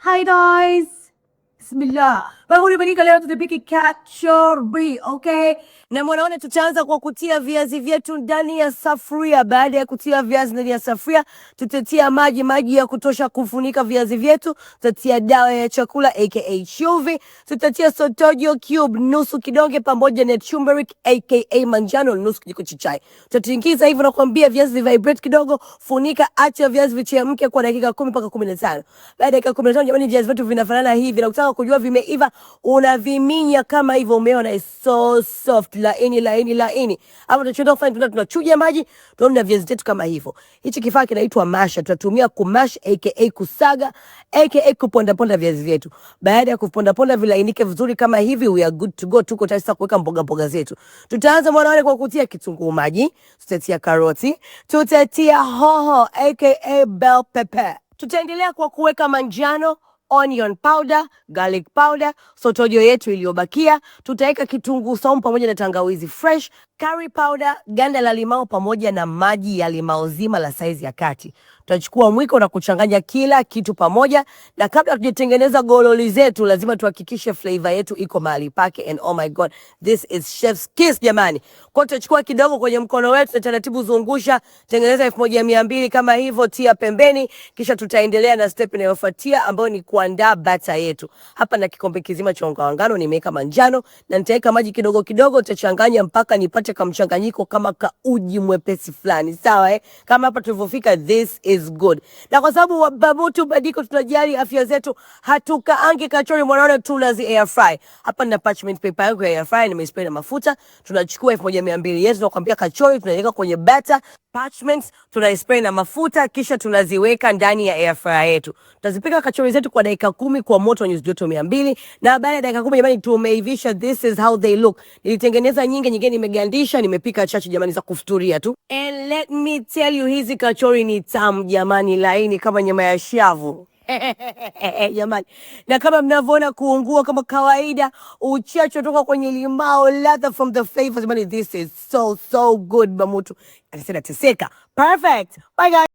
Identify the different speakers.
Speaker 1: Hi guys. Bismillah. Bagulibadilika leo tutapika kachori, okay? Na mwanaone, tutaanza kwa kutia viazi vyetu ndani ya safuria. Baada ya kutia viazi ndani ya safuria, tutatia maji, maji ya kutosha kufunika viazi vyetu. Tutatia dawa ya chakula aka chumvi, tutatia sotojo cube nusu kidonge pamoja na turmeric aka manjano nusu kijiko cha chai. Tutatingiza hivyo na kuambia viazi vibrate kidogo, funika, acha viazi vichemke kwa dakika kumi mpaka tano. Baada ya dakika tano, jamani, viazi vyetu vinafanana hivi na ukitaka kujua vimeiva unaviminya kama hivyo, umeona so soft, laini laini laini. Hapo tunachoenda kufanya tuna tunachuja maji, tunaona viazi vyetu kama hivyo. Hichi kifaa kinaitwa masha, tutatumia kumash aka kusaga aka kuponda ponda viazi vyetu. Baada ya kuponda ponda vilainike vizuri kama hivi, we are good to go, tuko tayari sasa kuweka mboga mboga zetu. Tutaanza mwana wale kwa kutia kitunguu maji, tutatia karoti, tutatia hoho aka bell pepper, tutaendelea kwa kuweka manjano onion powder, garlic powder, sotojo yetu iliyobakia, tutaweka kitunguu saumu pamoja na tangawizi fresh, curry powder, ganda la limao pamoja na maji ya limao zima la saizi ya kati. Tutachukua mwiko na kuchanganya kila kitu pamoja, na kabla tujitengeneza gololi zetu, lazima tuhakikishe flavor yetu iko mahali pake. And oh my god, this is chef's kiss jamani. Kwa tutachukua kidogo kwenye mkono wetu na taratibu zungusha, tengeneza elfu moja mia mbili kama hivyo, tia pembeni, kisha tutaendelea na step inayofuatia ambayo ni kuandaa bata yetu. Hapa na kikombe kizima cha unga wa ngano nimeweka manjano na nitaweka maji kidogo kidogo, tutachanganya mpaka nipate kamchanganyiko kama kauji mwepesi fulani, sawa eh? Kama hapa tulivyofika, this is is good, na kwa sababu babutu badiko, tunajali afya zetu, hatukaangi kachori mwanaona, tunazi air fry hapa. Nina parchment paper yangu ya air fry, nimespray na mafuta. Tunachukua elfu moja mia mbili tunakwambia kachori, tunaweka kwenye batter parchment, tunaispray na mafuta, kisha tunaziweka ndani ya air fry yetu. Tutazipika kachori zetu kwa dakika kumi kwa moto nyuzi joto 200 na baada ya dakika kumi jamani, tumeivisha. This is how they look. Nilitengeneza nyingi, nyingine nimegandisha, nimepika chachi jamani, za kufuturia tu, and let me tell you, hizi kachori ni tamu jamani, laini kama nyama ya shavu eh, eh, jamani. Na kama mnavyoona kuungua kama kawaida, uchacho toka kwenye limao, ladha from the flavors. Jamani, this is so so good. Mamutu anasema teseka. Perfect. Bye guys.